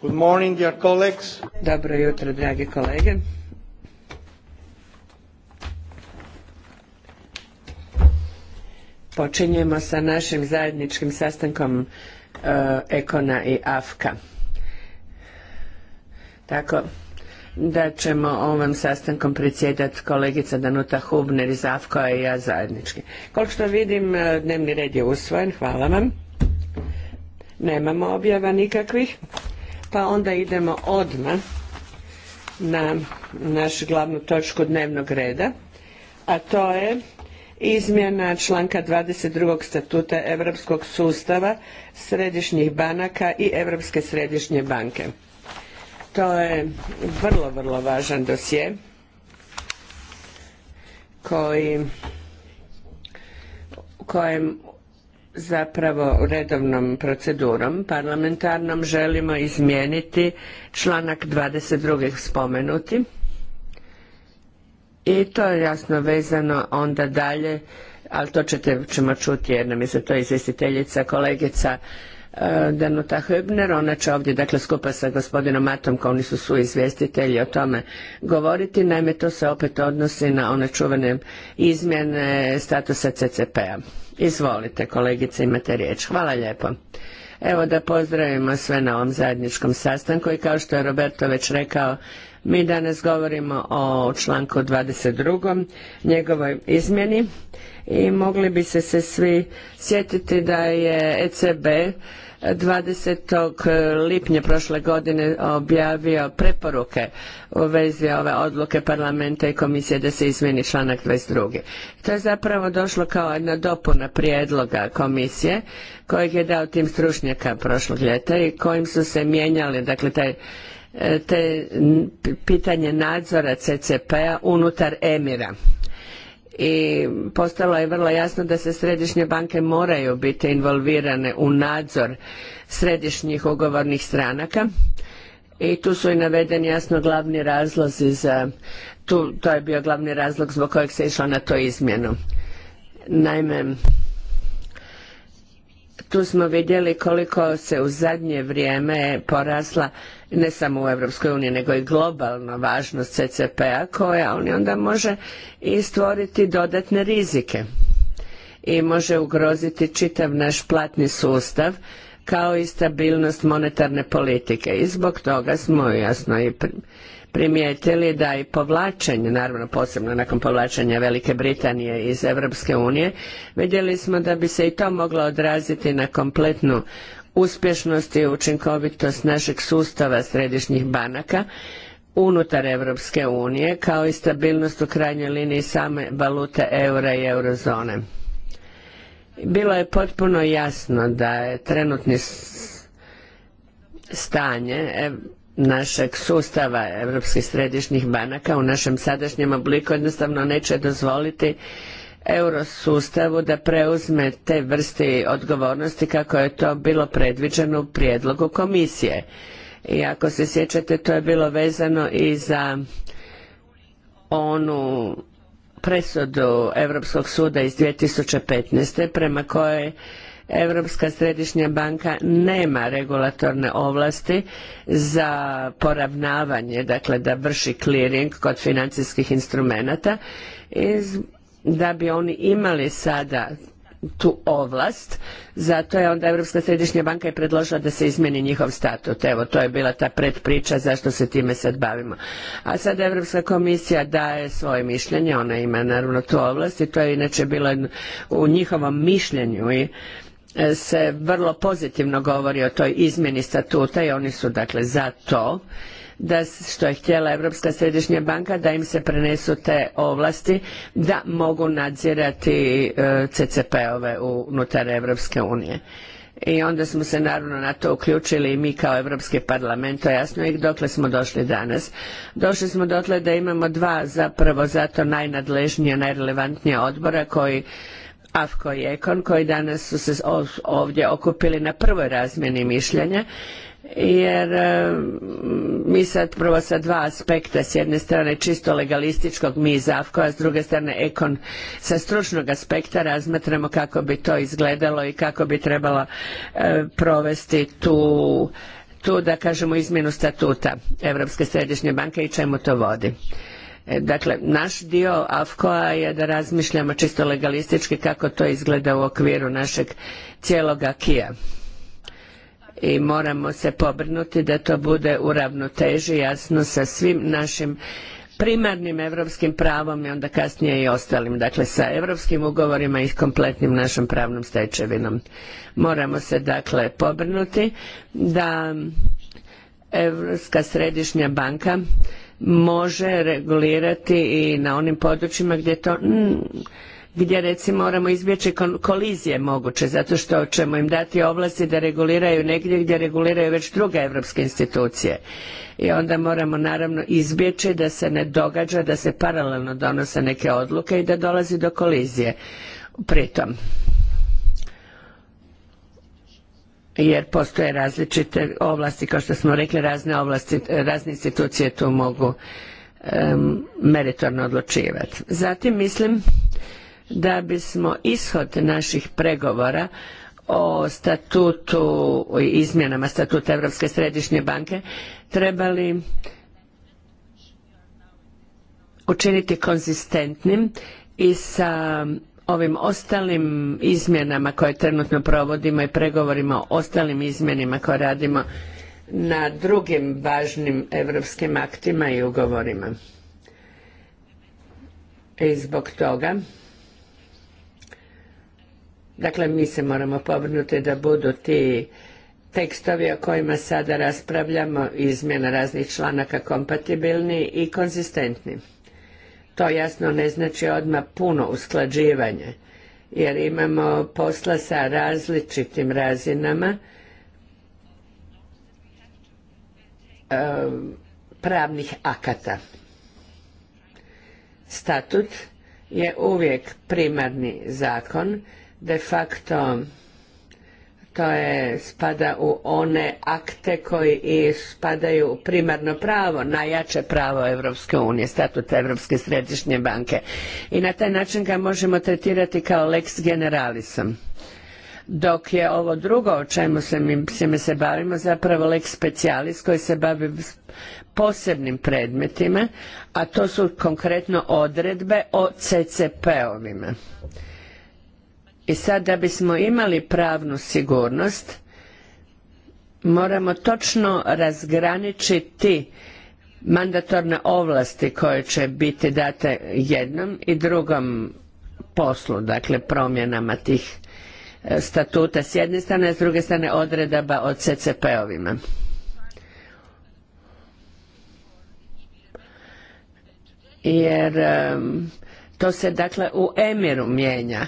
Good morning, Dobro jutro, dragi kolege. Počinjemo sa našim zajedničkim sastankom ECONA eh, Ekona i Afka. Tako da ćemo ovom sastankom predsjedati kolegica Danuta Hubner iz Afka i ja zajednički. Koliko što vidim, eh, dnevni red je usvojen. Hvala vam. Nemamo objava nikakvih, pa onda idemo odmah na našu glavnu točku dnevnog reda, a to je izmjena članka 22. statuta Europskog sustava središnjih banaka i Europske središnje banke. To je vrlo, vrlo važan dosje koji kojem zapravo redovnom procedurom parlamentarnom želimo izmijeniti članak 22. spomenuti i to je jasno vezano onda dalje, ali to ćete, ćemo čuti jer nam je za to izvjestiteljica kolegica e, Danuta Hübner, ona će ovdje dakle skupa sa gospodinom Matom kao oni su izvjestitelji, o tome govoriti, naime to se opet odnosi na one čuvene izmjene statusa CCP-a. Izvolite kolegice, imate riječ. Hvala lijepo. Evo da pozdravimo sve na ovom zajedničkom sastanku i kao što je Roberto već rekao, mi danas govorimo o članku 22. njegovoj izmjeni i mogli bi se, se svi sjetiti da je ECB 20. Eh, lipnja prošle godine objavio preporuke u vezi ove odluke parlamenta i komisije da se izmeni članak 22. To je zapravo došlo kao jedna dopuna prijedloga komisije kojeg je dao tim stručnjaka prošlog ljeta i kojim su se mijenjali, dakle eh, te pitanje nadzora CCP-a unutar Emira i postalo je vrlo jasno da se središnje banke moraju biti involvirane u nadzor središnjih ugovornih stranaka i tu su i navedeni jasno glavni razlozi za tu, to je bio glavni razlog zbog kojeg se išlo na to izmjenu. Naime, tu smo vidjeli koliko se u zadnje vrijeme porasla ne samo u Europskoj uniji, nego i globalno važnost CCP-a koja onda može i stvoriti dodatne rizike i može ugroziti čitav naš platni sustav kao i stabilnost monetarne politike i zbog toga smo jasno i primijetili da i povlačenje, naravno posebno nakon povlačenja Velike Britanije iz Europske unije, vidjeli smo da bi se i to moglo odraziti na kompletnu uspješnost i učinkovitost našeg sustava središnjih banaka unutar Europske unije kao i stabilnost u krajnjoj liniji same valute eura i eurozone. Bilo je potpuno jasno da je trenutni stanje e, našeg sustava europskih središnjih banaka u našem sadašnjem obliku jednostavno neće dozvoliti eurosustavu da preuzme te vrste odgovornosti kako je to bilo predviđeno u prijedlogu komisije. I ako se sjećate, to je bilo vezano i za onu presudu Europskog suda iz 2015. prema kojoj Europska središnja banka nema regulatorne ovlasti za poravnavanje, dakle da vrši clearing kod financijskih instrumenata i da bi oni imali sada tu ovlast, zato je onda Europska središnja banka je predložila da se izmeni njihov statut. Evo, to je bila ta predpriča zašto se time sad bavimo. A sad Europska komisija daje svoje mišljenje, ona ima naravno tu ovlast i to je inače bilo u njihovom mišljenju i e, se vrlo pozitivno govori o toj izmjeni statuta i oni su dakle za to da što je htjela Europska središnja banka da im se prenesu te ovlasti da mogu nadzirati e, CCP-ove unutar Europske unije. I onda smo se naravno na to uključili i mi kao Europski parlament, to jasno i dokle smo došli danas. Došli smo dotle da imamo dva zapravo zato najnadležnija, najrelevantnija odbora koji Zavko i EKON koji danas su se ovdje okupili na prvoj razmjeni mišljenja jer e, mi sad prvo sa dva aspekta, s jedne strane čisto legalističkog mi iz a s druge strane ekon sa stručnog aspekta razmatramo kako bi to izgledalo i kako bi trebalo e, provesti tu, tu da kažemo izmjenu statuta Europske središnje banke i čemu to vodi. E, dakle, naš dio AFKOA je da razmišljamo čisto legalistički kako to izgleda u okviru našeg cijelog akija. I moramo se pobrnuti da to bude u ravnoteži jasno sa svim našim primarnim europskim pravom i onda kasnije i ostalim. Dakle, sa europskim ugovorima i kompletnim našom pravnom stečevinom. Moramo se dakle pobrinuti da Europska središnja banka može regulirati i na onim područjima gdje to mm, gdje recimo moramo izbjeći kolizije moguće zato što ćemo im dati ovlasti da reguliraju negdje gdje reguliraju već druge europske institucije i onda moramo naravno izbjeći da se ne događa da se paralelno donose neke odluke i da dolazi do kolizije pritom jer postoje različite ovlasti, kao što smo rekli, razne ovlasti, razne institucije tu mogu meritorno odlučivati. Zatim mislim da bismo ishod naših pregovora o statutu, i izmjenama statuta Europske središnje banke trebali učiniti konzistentnim i sa ovim ostalim izmjenama koje trenutno provodimo i pregovorima o ostalim izmjenama koje radimo na drugim važnim europskim aktima i ugovorima. I zbog toga dakle mi se moramo pobrinuti da budu ti tekstovi o kojima sada raspravljamo izmjena raznih članaka kompatibilni i konzistentni. To jasno ne znači odmah puno usklađivanje, jer imamo posla sa različitim razinama ehm, pravnih akata. Statut je uvijek primarni zakon, de facto to je, spada u one akte koji i spadaju u primarno pravo, najjače pravo Evropske unije, statut Europske središnje banke. I na taj način ga možemo tretirati kao lex generalisom. Dok je ovo drugo o čemu se mi se, se bavimo zapravo lex specialis koji se bavi posebnim predmetima, a to su konkretno odredbe o CCP-ovima. I sad da bismo imali pravnu sigurnost, moramo točno razgraničiti mandatorne ovlasti koje će biti date jednom i drugom poslu, dakle promjenama tih e, statuta s jedne strane, a s druge strane odredaba od CCP-ovima. Jer to se dakle u Emiru mijenja,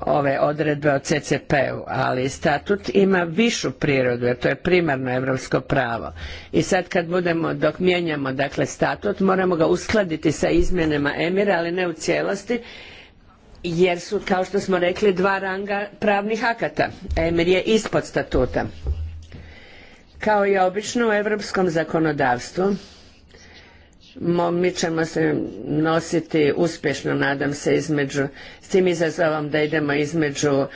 ove odredbe o CCP-u, ali statut ima višu prirodu jer to je primarno europsko pravo. I sad kad budemo, dok mijenjamo dakle statut, moramo ga uskladiti sa izmjenama Emira, ali ne u cijelosti, jer su, kao što smo rekli, dva ranga pravnih akata. Emir je ispod statuta. Kao i obično u europskom zakonodavstvu, mi ćemo se nositi uspješno, nadam se, između, s tim izazovom da idemo između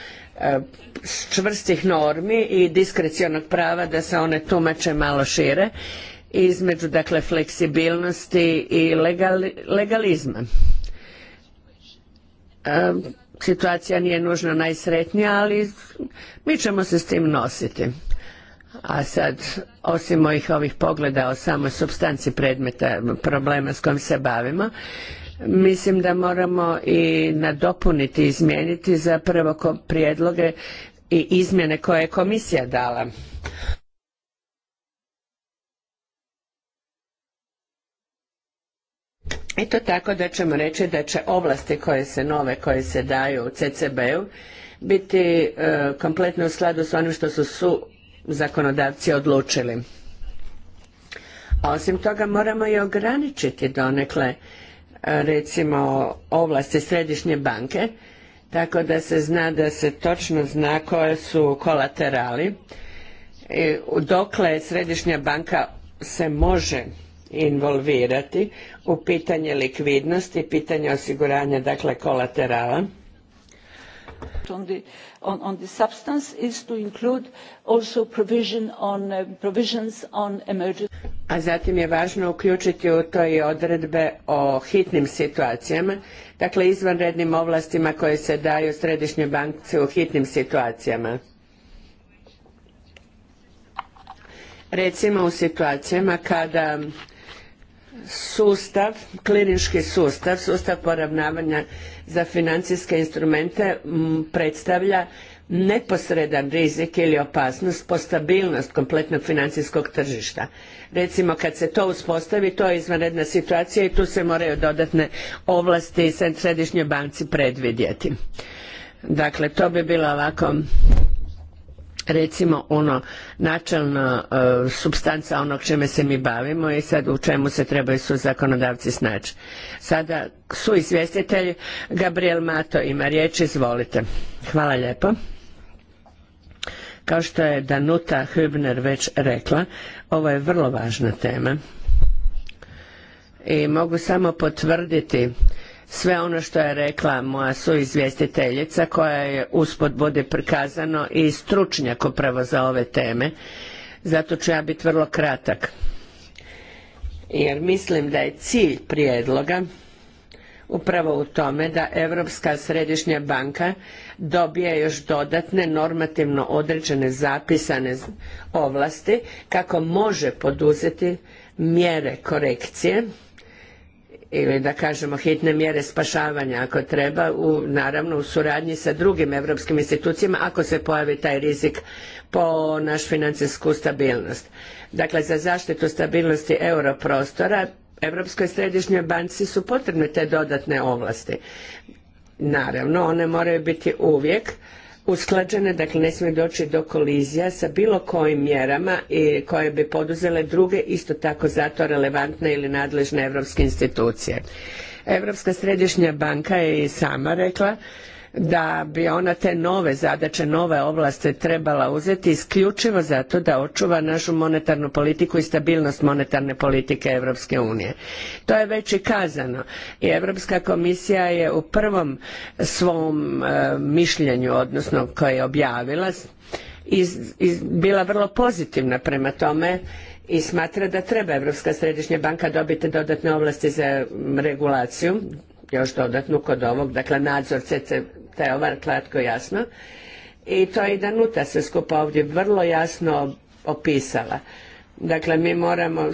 e, čvrstih normi i diskrecionog prava da se one tumače malo šire, između dakle fleksibilnosti i legalizma. E, situacija nije nužno najsretnija, ali mi ćemo se s tim nositi. A sad, osim mojih ovih pogleda o samoj substanci predmeta, problema s kojim se bavimo, mislim da moramo i nadopuniti, i izmijeniti zapravo prijedloge i izmjene koje je komisija dala. I to tako da ćemo reći da će ovlasti koje se nove, koje se daju u CCB-u, biti e, kompletno u skladu s onim što su, su zakonodavci odlučili. A osim toga moramo i ograničiti donekle e, recimo ovlasti središnje banke tako da se zna da se točno zna koje su kolaterali dokle središnja banka se može involvirati u pitanje likvidnosti, pitanje osiguranja dakle kolaterala on the, substance is to include also provision on, uh, provisions on emergency. A zatim je važno uključiti u to i odredbe o hitnim situacijama, dakle izvanrednim ovlastima koje se daju središnjoj banci u hitnim situacijama. Recimo u situacijama kada sustav, klinički sustav, sustav poravnavanja za financijske instrumente predstavlja neposredan rizik ili opasnost po stabilnost kompletnog financijskog tržišta. Recimo kad se to uspostavi, to je izvanredna situacija i tu se moraju dodatne ovlasti središnjoj banci predvidjeti. Dakle, to bi bilo ovako recimo ono načelna e, substanca onog čime se mi bavimo i sad u čemu se trebaju su zakonodavci snaći. Sada su izvjestitelji, Gabriel Mato ima riječ, izvolite. Hvala lijepo. Kao što je Danuta Hübner već rekla, ovo je vrlo važna tema i mogu samo potvrditi sve ono što je rekla moja suizvjestiteljica koja je usput bude prikazano i stručnjak upravo za ove teme zato ću ja biti vrlo kratak jer mislim da je cilj prijedloga upravo u tome da Europska središnja banka dobije još dodatne normativno određene zapisane ovlasti kako može poduzeti mjere korekcije ili da kažemo hitne mjere spašavanja ako treba, u, naravno u suradnji sa drugim europskim institucijama ako se pojavi taj rizik po našu financijsku stabilnost. Dakle, za zaštitu stabilnosti europrostora Europskoj središnjoj banci su potrebne te dodatne ovlasti. Naravno, one moraju biti uvijek usklađene, dakle ne smije doći do kolizija sa bilo kojim mjerama koje bi poduzele druge isto tako zato relevantne ili nadležne europske institucije. Europska središnja banka je i sama rekla da bi ona te nove zadaće, nove ovlasti trebala uzeti isključivo zato da očuva našu monetarnu politiku i stabilnost monetarne politike Europske unije. To je već i kazano i Europska komisija je u prvom svom e, mišljenju, odnosno koje je objavila, bila vrlo pozitivna prema tome i smatra da treba Europska središnja banka dobiti dodatne ovlasti za regulaciju, još dodatnu kod ovog, dakle nadzor CC, to je ovo klatko jasno. I to je i Danuta se skupa ovdje vrlo jasno opisala. Dakle, mi moramo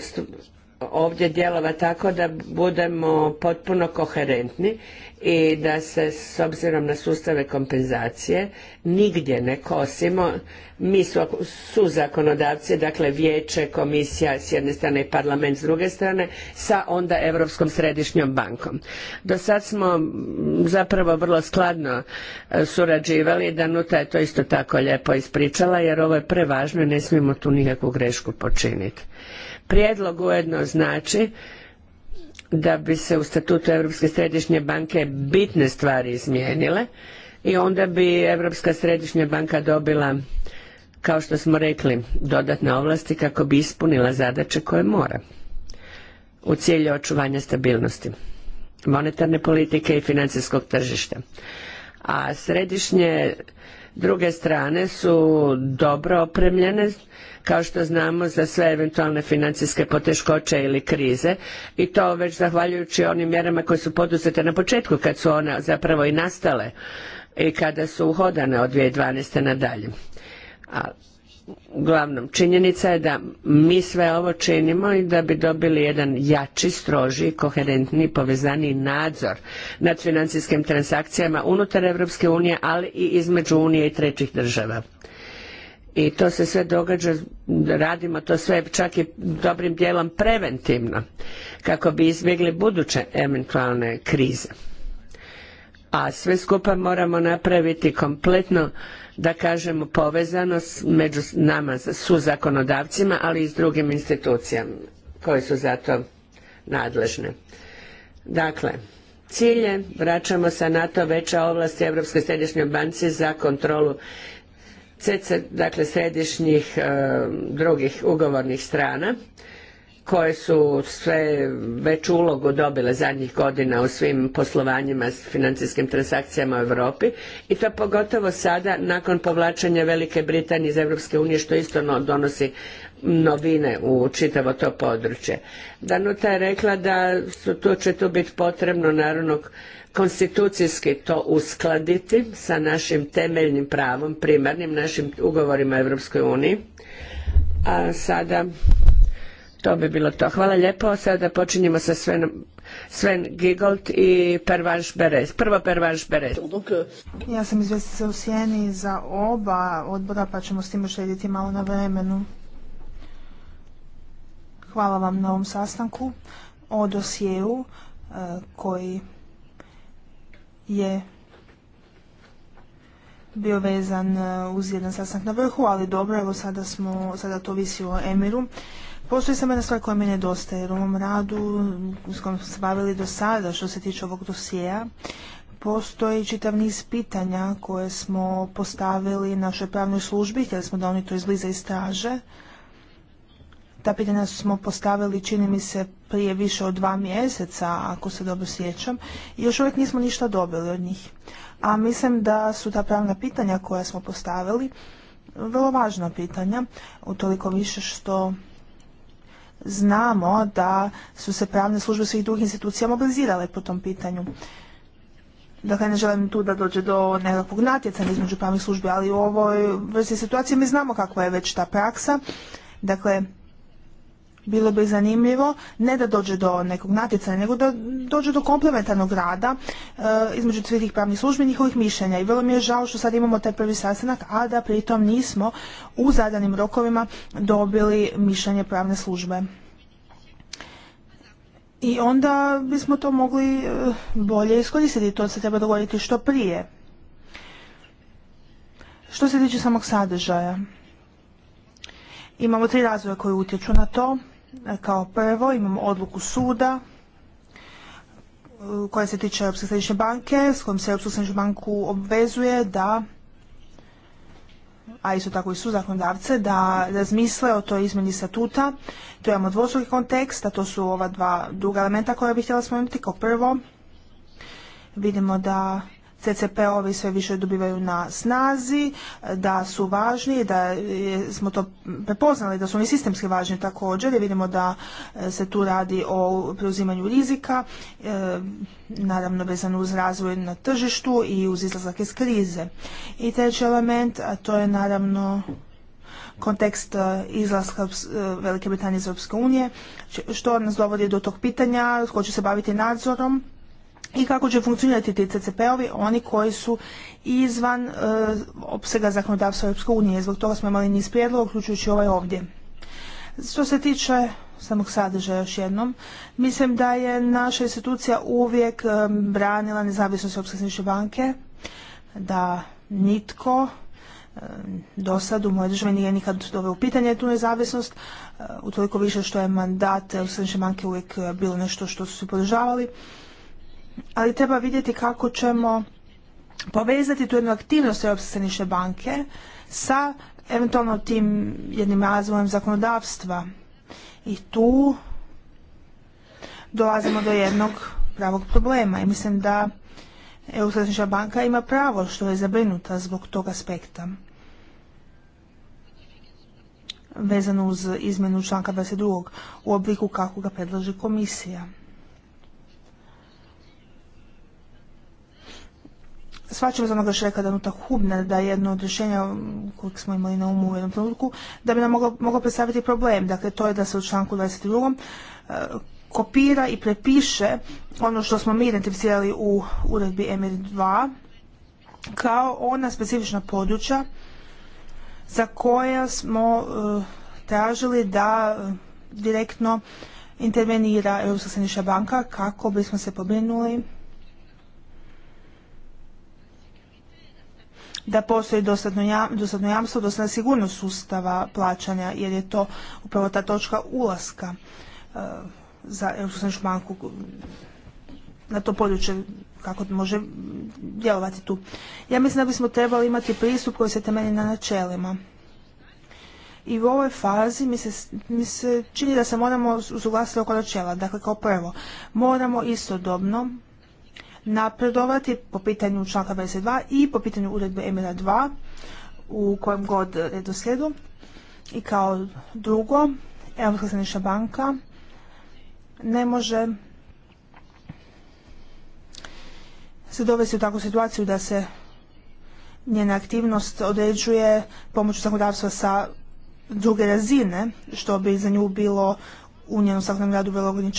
ovdje djelova tako da budemo potpuno koherentni i da se s obzirom na sustave kompenzacije nigdje ne kosimo. Mi su, zakonodavci, dakle vijeće, komisija s jedne strane i parlament s druge strane, sa onda Europskom središnjom bankom. Do sad smo zapravo vrlo skladno e, surađivali, Danuta je to isto tako lijepo ispričala jer ovo je prevažno i ne smijemo tu nikakvu grešku počiniti. Prijedlog ujedno znači da bi se u statutu Europske središnje banke bitne stvari izmijenile i onda bi Europska središnja banka dobila kao što smo rekli dodatne ovlasti kako bi ispunila zadaće koje mora u cilju očuvanja stabilnosti monetarne politike i financijskog tržišta. A središnje druge strane su dobro opremljene kao što znamo za sve eventualne financijske poteškoće ili krize i to već zahvaljujući onim mjerama koje su poduzete na početku kad su one zapravo i nastale i kada su uhodane od 2012. nadalje. A, uglavnom, činjenica je da mi sve ovo činimo i da bi dobili jedan jači, stroži, koherentni, povezani nadzor nad financijskim transakcijama unutar Europske unije, ali i između Unije i trećih država i to se sve događa, radimo to sve čak i dobrim dijelom preventivno kako bi izbjegli buduće eventualne krize. A sve skupa moramo napraviti kompletno da kažemo povezanost među nama su zakonodavcima ali i s drugim institucijama koje su za to nadležne. Dakle, cilje vraćamo se na to veća ovlasti Europske središnje banci za kontrolu dakle središnjih e, drugih ugovornih strana koje su sve već ulogu dobile zadnjih godina u svim poslovanjima s financijskim transakcijama u Europi i to pogotovo sada nakon povlačenja Velike Britanije iz Europske unije što isto donosi novine u čitavo to područje. Danuta je rekla da tu će tu biti potrebno naravno konstitucijski to uskladiti sa našim temeljnim pravom, primarnim našim ugovorima Europskoj uniji. A sada to bi bilo to. Hvala lijepo. Sada počinjemo sa Sven Gigold i Pervanš Berez. Prvo Pervanš Ja sam izvjestitelj u Sjeni za oba odbora, pa ćemo s tim uštediti malo na vremenu. Hvala vam na ovom sastanku o dosjeu eh, koji je bio vezan e, uz jedan sastanak na vrhu, ali dobro, evo sada, smo, sada to visi o Emiru. Postoji samo jedna stvar koja mi nedostaje, jer u ovom radu s kojom smo se bavili do sada što se tiče ovog dosijeja, postoji čitav niz pitanja koje smo postavili našoj pravnoj službi, htjeli smo da oni to izbliza iz straže ta pitanja smo postavili, čini mi se, prije više od dva mjeseca, ako se dobro sjećam, i još uvijek nismo ništa dobili od njih. A mislim da su ta pravna pitanja koja smo postavili vrlo važna pitanja, utoliko više što znamo da su se pravne službe svih drugih institucija mobilizirale po tom pitanju. Dakle, ne želim tu da dođe do nekakvog natjecanja između pravnih službi, ali u ovoj vrsti situacije mi znamo kakva je već ta praksa. Dakle, bilo bi zanimljivo ne da dođe do nekog natjecanja, nego da dođe do komplementarnog rada eh, između svih tih pravnih službi i njihovih mišljenja. I vrlo mi je žao što sad imamo taj prvi sastanak, a da pritom nismo u zadanim rokovima dobili mišljenje pravne službe. I onda bismo to mogli eh, bolje iskoristiti, to se treba dogoditi što prije. Što se tiče samog sadržaja, imamo tri razvoja koji utječu na to. Kao prvo imamo odluku suda e, koja se tiče Europske središnje banke, s kojom se Europsku središnju banku obvezuje da a isto tako i su zakonodavce, da razmisle o toj izmjeni statuta. Tu imamo dvostruki kontekst, a to su ova dva druga elementa koja bih htjela spomenuti. Kao prvo, vidimo da CCP-ovi sve više dobivaju na snazi, da su važni, da smo to prepoznali, da su oni sistemski važni također i vidimo da e, se tu radi o preuzimanju rizika, e, naravno vezano uz razvoj na tržištu i uz izlazak iz krize. I treći element, a to je naravno kontekst e, izlaska Velike Britanije iz Europske unije, što nas dovodi do tog pitanja tko će se baviti nadzorom i kako će funkcionirati ti CCP-ovi, oni koji su izvan e, opsega zakonodavstva Europske unije. Zbog toga smo imali niz prijedloga, uključujući ovaj ovdje. Što se tiče samog sadržaja još jednom, mislim da je naša institucija uvijek e, branila nezavisnost Europske središnje banke, da nitko e, do sad u mojoj državi nije nikad doveo u pitanje tu nezavisnost, utoliko više što je mandat Europske banke uvijek bilo nešto što su podržavali ali treba vidjeti kako ćemo povezati tu jednu aktivnost Europske središnje banke sa eventualno tim jednim razvojem zakonodavstva. I tu dolazimo do jednog pravog problema i mislim da Europska banka ima pravo što je zabrinuta zbog tog aspekta vezano uz izmjenu članka 22. u obliku kako ga predlaže komisija. shvaćam za onoga što je Danuta Hubner, da je jedno od rješenja kojeg smo imali na umu u jednom trenutku, da bi nam moglo, predstaviti problem. Dakle, to je da se u članku 22. E, kopira i prepiše ono što smo mi identificirali u uredbi mr 2 kao ona specifična područja za koja smo e, tražili da e, direktno intervenira Europska središnja banka kako bismo se pobrinuli da postoji dostatno jamstvo, dostatna sigurnost sustava plaćanja jer je to upravo ta točka ulaska e, za Europsku na to područje kako može djelovati tu. Ja mislim da bismo trebali imati pristup koji se temelji na načelima. I u ovoj fazi mi se, mi se čini da se moramo usuglasiti oko načela. Dakle, kao prvo, moramo istodobno napredovati po pitanju članka 22 i po pitanju uredbe EMIRA 2 u kojem god redoslijedu. I kao drugo, Europska banka ne može se dovesti u takvu situaciju da se njena aktivnost određuje pomoću zakonodavstva sa druge razine, što bi za nju bilo u njenom svakodnevnom radu bilo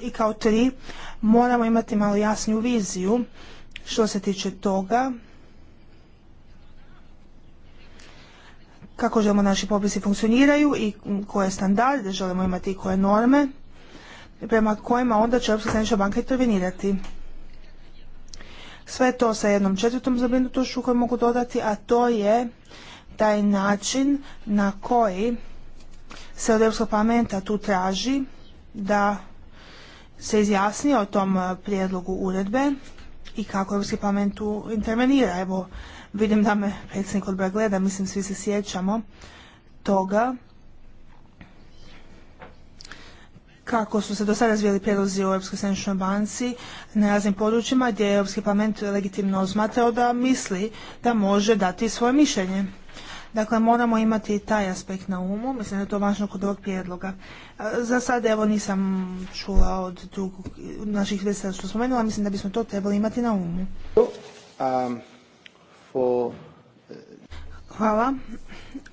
I kao tri, moramo imati malo jasniju viziju što se tiče toga kako želimo naši popisi funkcioniraju i koje standarde želimo imati i koje norme prema kojima onda će Europska središnja banka intervenirati. Sve to sa jednom četvrtom zabrinutošću koju mogu dodati, a to je taj način na koji se od Europskog parlamenta tu traži da se izjasni o tom eh, prijedlogu uredbe i kako Europski parlament tu intervenira. Evo, vidim da me predsjednik odbora gleda, mislim svi se sjećamo toga kako su se do sada razvijali prijedlozi u Europskoj središnjoj banci na raznim područjima gdje je Europski parlament legitimno smatrao da misli da može dati svoje mišljenje. Dakle, moramo imati taj aspekt na umu, mislim da je to važno kod ovog prijedloga. Za sad evo nisam čula od drugog, naših vesta što spomenula, mislim da bismo to trebali imati na umu. Um, uh, Hvala.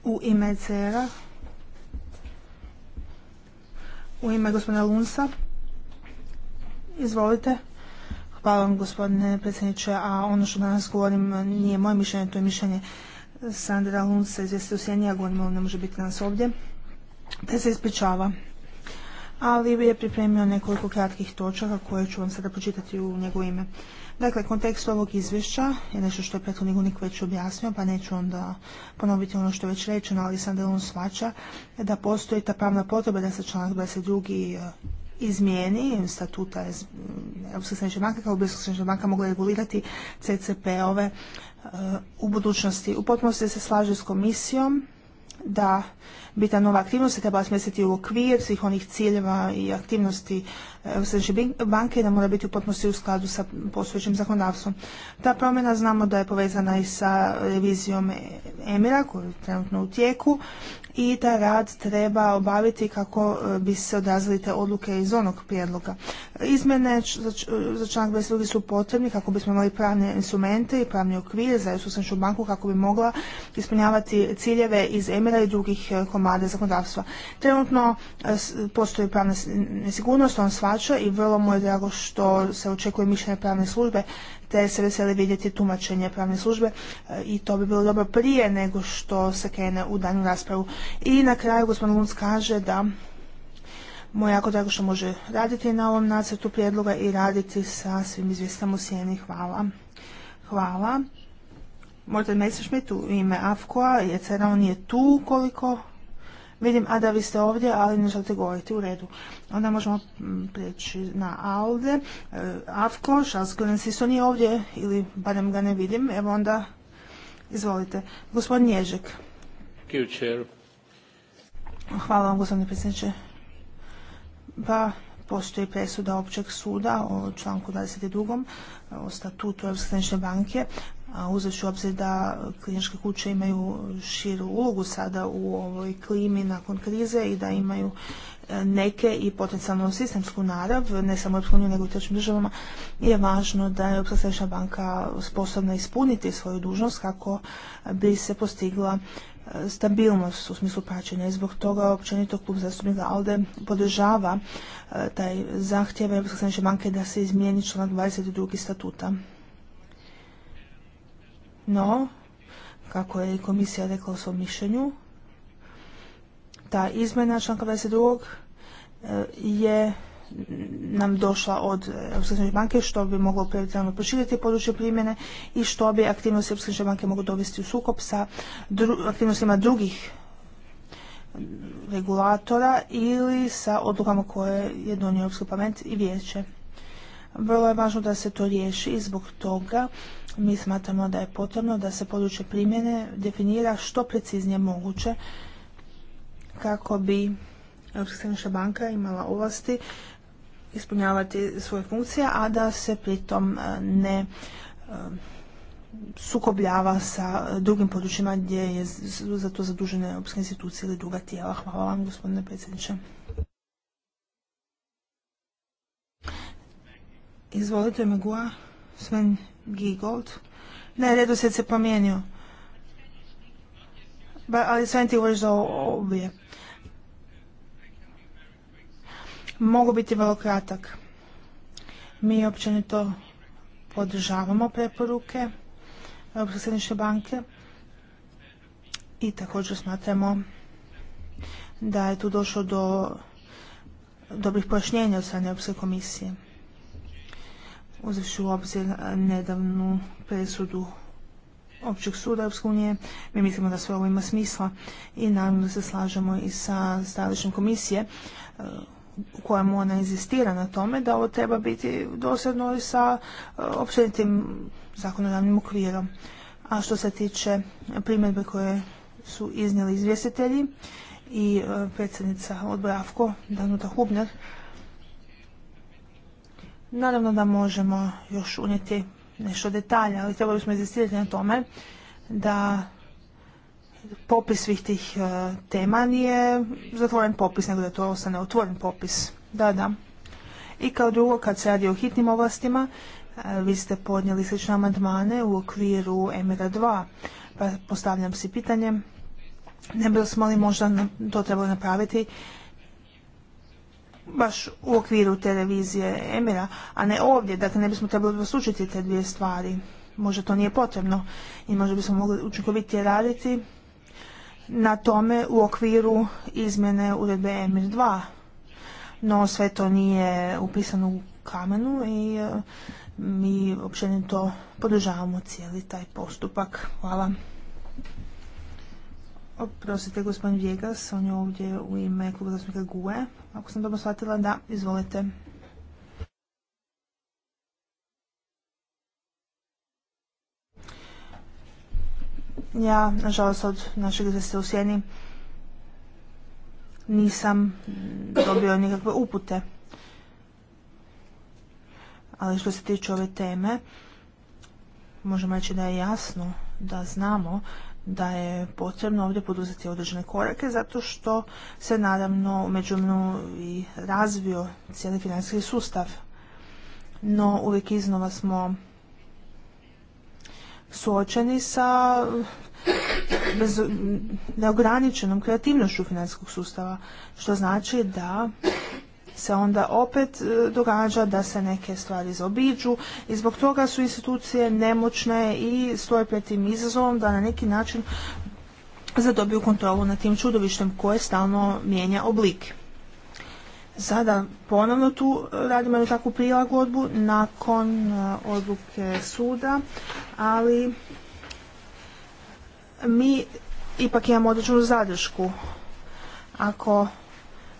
U ime CR-a, u ime gospodina Lunsa, izvolite. Hvala vam gospodine predsjedniče, a ono što danas govorim nije moje mišljenje, to je mišljenje Sandra Lund se izvijesti u Sjenija, on ne može biti nas ovdje, te se ispričava. Ali je pripremio nekoliko kratkih točaka koje ću vam sada počitati u njegovo ime. Dakle, kontekst ovog izvješća je nešto što je prethodni već objasnio, pa neću onda ponoviti ono što je već rečeno, ali sam da on svača da postoji ta pravna potreba da se članak 22 e, izmijeni statuta e, Europske središnje banke kao bi se banka mogla regulirati CCP-ove u budućnosti. U potpunosti se slaže s komisijom da bi ta nova aktivnost se trebala smjestiti u okvir svih onih ciljeva i aktivnosti e, Središnje banke da mora biti u potpunosti u skladu sa postojećim zakonodavstvom. Ta promjena znamo da je povezana i sa revizijom Emira koji je trenutno u tijeku i ta rad treba obaviti kako e, bi se odrazili te odluke iz onog prijedloga. Izmjene za članak 22. su potrebni kako bismo imali pravne instrumente i pravni okvir za Središnju banku kako bi mogla ispunjavati ciljeve iz Emira i drugih e, komada zakonodavstva. Trenutno e, postoji pravna nesigurnost, on svača i vrlo mu je drago što se očekuje mišljenje pravne službe, te se veseli vidjeti tumačenje pravne službe e, i to bi bilo dobro prije nego što se krene u danju raspravu. I na kraju gospodin Lunc kaže da mu je jako drago što može raditi na ovom nacrtu prijedloga i raditi sa svim izvjestama u sjeni. Hvala. Hvala. Morten Messerschmidt u ime AFKOA, jer on je tu koliko vidim, a da vi ste ovdje, ali ne želite govoriti u redu. Onda možemo mm, prijeći na ALDE. E, AFKO, Charles se isto nije ovdje, ili barem ga ne vidim, evo onda izvolite. Gospodin Ježek. Hvala vam, gospodine predsjedniče. Pa, postoji presuda općeg suda o članku 22. o statutu središnje banke uzevši u obzir da kliničke kuće imaju širu ulogu sada u ovoj klimi nakon krize i da imaju e, neke i potencijalno sistemsku narav, ne samo u uniju nego i trećim državama, je važno da je Europska središnja banka sposobna ispuniti svoju dužnost kako bi se postigla e, stabilnost u smislu praćenja i zbog toga općenito klub zastupnika ALDE podržava e, taj zahtjev Europske središnje banke da se izmijeni članak 22. statuta. No, kako je i komisija rekla u svom mišljenju, ta izmjena članka 22. E, je nam došla od Europske banke što bi moglo prioritetno proširiti područje primjene i što bi aktivnosti Europske banke moglo dovesti u sukob sa aktivnostima drugih regulatora ili sa odlukama koje je donio Europski parlament i vijeće. Vrlo je važno da se to riješi i zbog toga mi smatramo da je potrebno da se područje primjene definira što preciznije moguće kako bi Europska središnja banka imala ovlasti ispunjavati svoje funkcije, a da se pritom e, ne e, sukobljava sa drugim područjima gdje je za to zadužene europske institucije ili druga tijela. Hvala vam gospodine predsjedniče. Izvolite, Gua, Sven Gigold. Ne, redu se promijenio. Ba, ali Sven ti za obje. Mogu biti vrlo kratak. Mi općenito podržavamo preporuke Europske središnje banke i također smatramo da je tu došlo do dobrih pojašnjenja od strane Europske komisije uzevši u obzir e, nedavnu presudu općeg suda EU. unije. Mi mislimo da sve ovo ima smisla i naravno da se slažemo i sa stavišnom komisije e, u kojem ona inzistira na tome da ovo treba biti dosadno i sa e, općenitim zakonodavnim okvirom. A što se tiče primjedbe koje su iznijeli izvjestitelji i predsjednica odbora AFKO, Danuta Hubner, Naravno da možemo još unijeti nešto detalja, ali trebali smo izvestirati na tome da popis svih tih e, tema nije zatvoren popis, nego da to ostane otvoren popis. Da, da. I kao drugo, kad se radi o hitnim ovlastima, e, vi ste podnijeli slične amandmane u okviru mr 2, pa postavljam si pitanje, ne bi smo li možda to trebali napraviti baš u okviru televizije Emira, a ne ovdje, dakle ne bismo trebali odvosučiti te dvije stvari. Možda to nije potrebno i možda bismo mogli učinkovitije raditi na tome u okviru izmjene uredbe Emir 2. No sve to nije upisano u kamenu i e, mi općenito podržavamo cijeli taj postupak. Hvala. Oprostite, gospodin Vjegas, on je ovdje u ime kluba zastupnika GUE. Ako sam dobro shvatila, da, izvolite. Ja, nažalost, od našeg izvesta u Sjeni nisam dobio nikakve upute. Ali što se tiče ove teme, možemo reći da je jasno da znamo da je potrebno ovdje poduzeti određene korake zato što se naravno međumno i razvio cijeli financijski sustav. No uvijek iznova smo suočeni sa bez, neograničenom kreativnošću financijskog sustava, što znači da se onda opet e, događa da se neke stvari zaobiđu i zbog toga su institucije nemoćne i stoje pred tim izazovom da na neki način zadobiju kontrolu nad tim čudovištem koje stalno mijenja oblik. Sada ponovno tu radimo jednu takvu prilagodbu nakon e, odluke suda, ali mi ipak imamo određenu zadršku. Ako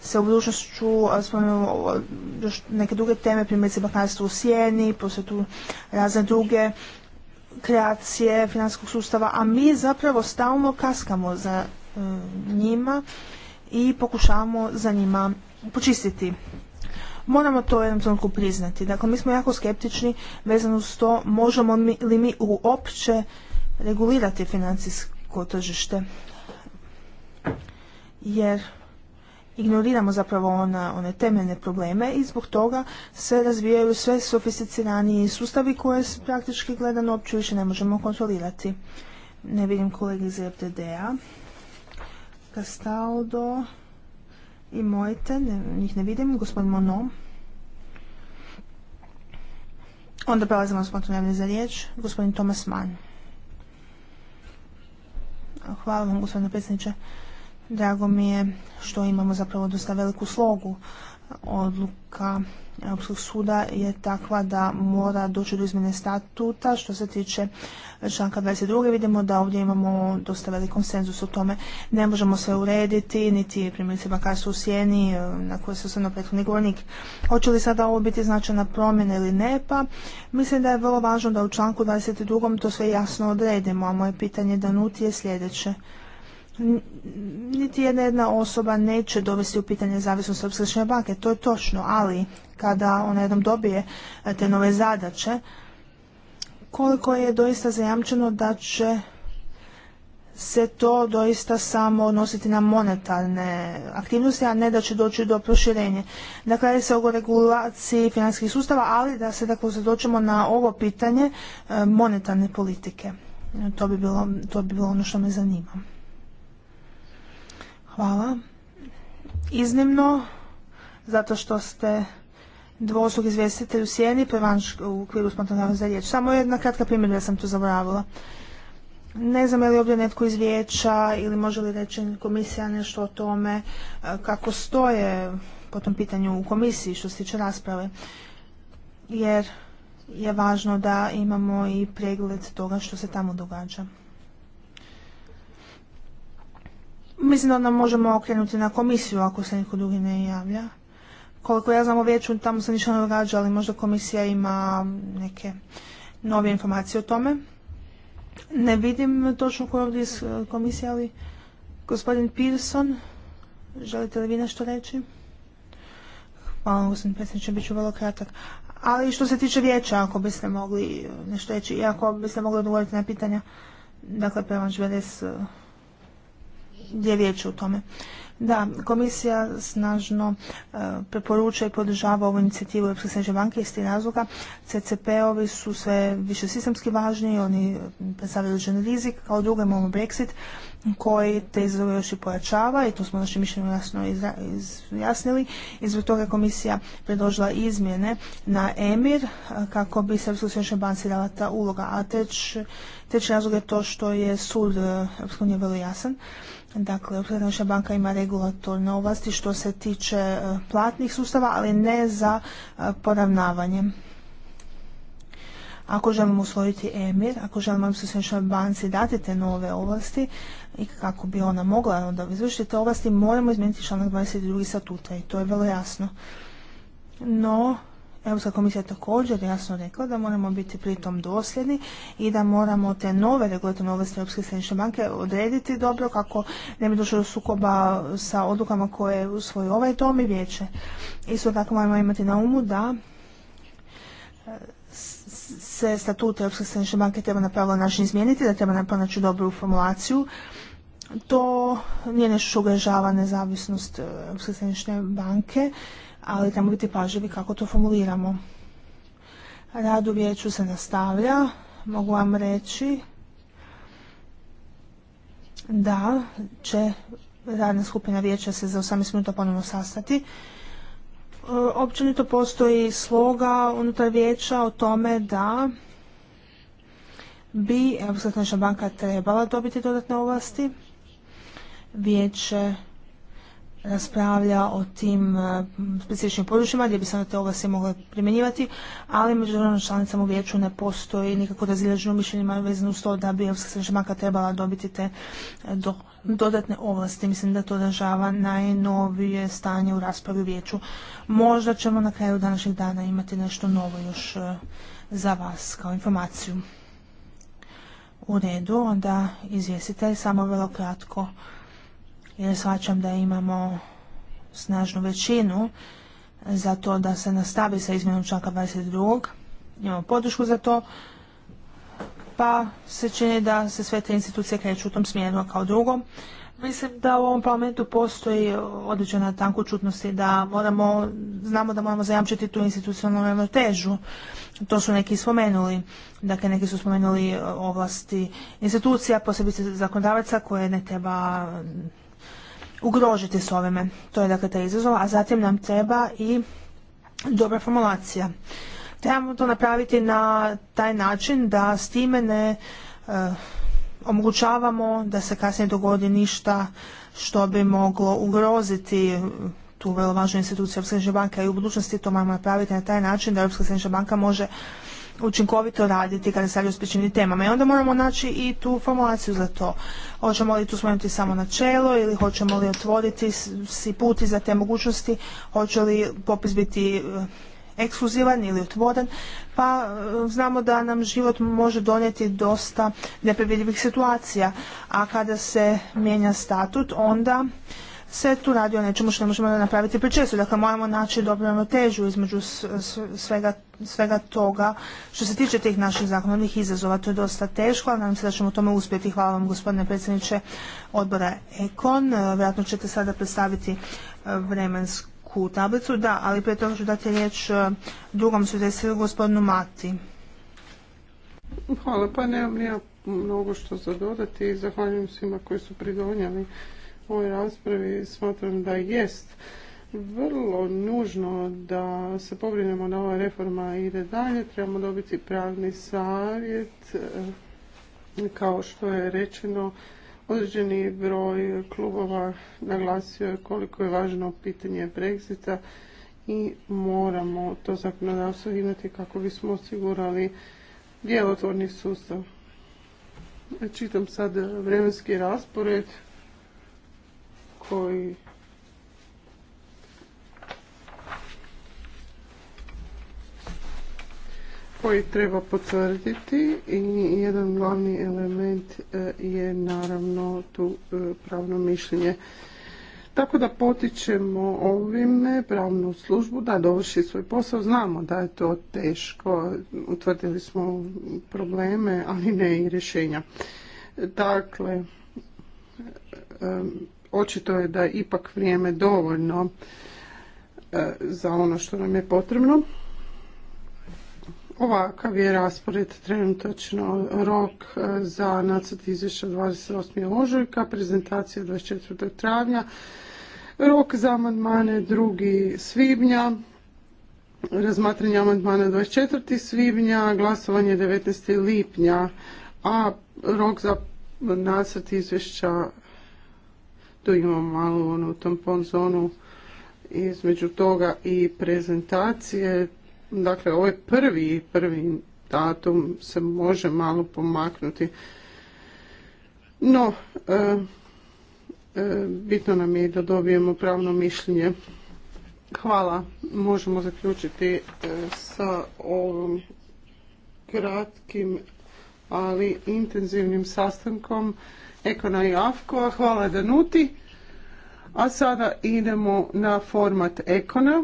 se u budućnošću spomenuo još neke druge teme, primjerice bakarstvo u sjeni, poslije tu razne druge kreacije financijskog sustava, a mi zapravo stalno kaskamo za e, njima i pokušavamo za njima počistiti. Moramo to jednom trenutku priznati. Dakle, mi smo jako skeptični vezano uz to možemo li mi uopće regulirati financijsko tržište. Jer ignoriramo zapravo ona, one temeljne probleme i zbog toga se razvijaju sve sofisticiraniji sustavi koje praktički gledano uopće više ne možemo kontrolirati. Ne vidim kolege iz RTD-a. Castaldo i Mojte, njih ne vidim, gospodin Mono. Onda prelazimo na za riječ, gospodin Thomas Mann. Hvala vam, gospodine predsjedniče. Drago mi je što imamo zapravo dosta veliku slogu. Odluka Europskog suda je takva da mora doći do izmjene statuta. Što se tiče članka 22. vidimo da ovdje imamo dosta velik konsenzus o tome. Ne možemo sve urediti, niti primjerice su u sjeni e, na koje se osvrnuo prethodni govornik. Hoće li sada ovo biti značajna promjena ili ne? Pa mislim da je vrlo važno da u članku 22. to sve jasno odredimo, a moje pitanje Danuti je sljedeće niti jedna jedna osoba neće dovesti u pitanje zavisnost od središnje banke, to je točno, ali kada ona jednom dobije e, te nove zadaće, koliko je doista zajamčeno da će se to doista samo odnositi na monetarne aktivnosti, a ne da će doći do proširenja. Dakle, radi se o regulaciji financijskih sustava, ali da se dakle doćemo na ovo pitanje e, monetarne politike. E, to bi to bi bilo ono što me zanima. Hvala. Iznimno, zato što ste dvoslog izvjestitelj u sjeni, prevanš u okviru spontanog za riječ. Samo jedna kratka primjer, ja sam tu zaboravila. Ne znam je li ovdje netko iz vijeća ili može li reći komisija nešto o tome e, kako stoje po tom pitanju u komisiji što se tiče rasprave. Jer je važno da imamo i pregled toga što se tamo događa. Mislim da onda možemo okrenuti na komisiju ako se niko drugi ne javlja. Koliko ja znam o vijeću, tamo se ništa ne događa, ali možda komisija ima neke nove informacije o tome. Ne vidim točno ko je ovdje iz e, komisije, ali gospodin Pearson, želite li vi nešto reći? Hvala, gospodin predsjedniče, bit ću vrlo kratak. Ali što se tiče vijeća, ako biste mogli e, nešto reći, i ako biste mogli odgovoriti na pitanja, dakle, prema Beres, e, je riječ o tome. Da, komisija snažno e, preporučuje i podržava ovu inicijativu Europske središnje banke iz tih razloga. CCP-ovi su sve više sistemski važni, oni predstavljaju određen rizik. Kao drugo imamo Brexit koji te izazove još i pojačava i to smo našim mišljenje jasno izjasnili i zbog toga je komisija predložila izmjene na EMIR kako bi Srpskoj središnjoj banci dala ta uloga, a treći razlog je to što je sud e, Europske nije vrlo jasan. Dakle, Europska banka ima regulatorne ovlasti što se tiče e, platnih sustava, ali ne za e, poravnavanje. Ako želimo usvojiti EMIR, ako želimo Europskoj banci dati te nove ovlasti, i kako bi ona mogla onda izvršiti te ovlasti, moramo izmijeniti članak 22. statuta i to je vrlo jasno. No, Europska komisija je također jasno rekla da moramo biti pritom dosljedni i da moramo te nove regulatorne ovlasti Europske središnje banke odrediti dobro kako ne bi došlo do sukoba sa odlukama koje usvoji ovaj dom i vijeće. Isto tako moramo imati na umu da e, se statut Europske središnje banke treba na pravilan način izmijeniti, da treba pronaći dobru formulaciju to nije nešto što ugražava nezavisnost e, Europske središnje banke, ali trebamo biti pažljivi kako to formuliramo. Rad u vijeću se nastavlja. Mogu vam reći da će radna skupina vijeća se za 18 minuta ponovno sastati. E, općenito postoji sloga unutar vijeća o tome da bi Europska banka trebala dobiti dodatne ovlasti vijeće raspravlja o tim e, specifičnim područjima gdje bi se na te ovlasti mogle primjenjivati, ali među državnom članicama u vijeću ne postoji nikako mišljenje, mišljenjima vezano uz to da bi Europska središnja trebala dobiti te e, dodatne ovlasti. Mislim da to odražava najnovije stanje u raspravi u vijeću. Možda ćemo na kraju današnjeg dana imati nešto novo još e, za vas kao informaciju. U redu, onda izvjestitelj samo vrlo kratko jer shvaćam da imamo snažnu većinu za to da se nastavi sa izmjenom članka 22. Imamo podršku za to, pa se čini da se sve te institucije kreću u tom smjeru kao drugo. Mislim da u ovom parlamentu postoji određena čutnosti da moramo, znamo da moramo zajamčiti tu institucionalnu ravnotežu. To su neki spomenuli. Dakle, neki su spomenuli ovlasti institucija, posebice zakonodavaca koje ne treba ugrožiti s ovime. To je dakle taj izazov, a zatim nam treba i dobra formulacija. Trebamo to napraviti na taj način da s time ne e, omogućavamo da se kasnije dogodi ništa što bi moglo ugroziti tu vrlo važnu instituciju Europske središnje banke i u budućnosti to moramo napraviti na taj način da Europska središnja banka može učinkovito raditi kada se radi o temama. I onda moramo naći i tu formulaciju za to. Hoćemo li tu smanjiti samo načelo ili hoćemo li otvoriti si puti za te mogućnosti, hoće li popis biti eh, ekskluzivan ili otvoren, pa eh, znamo da nam život može donijeti dosta nepredvidljivih situacija, a kada se mijenja statut onda se tu radi o nečemu što ne možemo napraviti prečesto. Dakle, moramo naći dobru ravnotežu između svega, toga što se tiče tih naših zakonodavnih izazova. To je dosta teško, ali nadam se da ćemo u tome uspjeti. Hvala vam, gospodine predsjedniče odbora Ekon. E, vjerojatno ćete sada predstaviti e, vremensku tablicu. Da, ali prije toga ću dati riječ e, drugom se gospodinu Mati. Hvala, pa nemam mnogo što za dodati i zahvaljujem svima koji su pridonjali ovoj raspravi smatram da jest vrlo nužno da se pobrinemo da ova reforma ide dalje. Trebamo dobiti pravni savjet, eh, kao što je rečeno, određeni broj klubova naglasio je koliko je važno pitanje Brexita i moramo to zakonodavstvo imati kako bismo osigurali djelotvorni sustav. Čitam sad vremenski raspored koji koji treba potvrditi i jedan glavni element e, je naravno tu e, pravno mišljenje. Tako da potičemo ovime pravnu službu da dovrši svoj posao. Znamo da je to teško, utvrdili smo probleme, ali ne i rješenja. Dakle, e, očito je da je ipak vrijeme dovoljno e, za ono što nam je potrebno. Ovakav je raspored trenutačno rok e, za nacrt izvješća 28. ožujka, prezentacija 24. travnja, rok za amandmane 2. svibnja, razmatranje amandmana 24. svibnja, glasovanje 19. lipnja, a rok za nacrt izvješća tu imamo malo u tampon zonu između toga i prezentacije. Dakle, ovaj prvi, prvi datum se može malo pomaknuti. No, eh, eh, bitno nam je da dobijemo pravno mišljenje. Hvala. Možemo zaključiti eh, sa ovom kratkim, ali intenzivnim sastankom. Ekona i Afkova. Hvala Danuti. A sada idemo na format Ekona.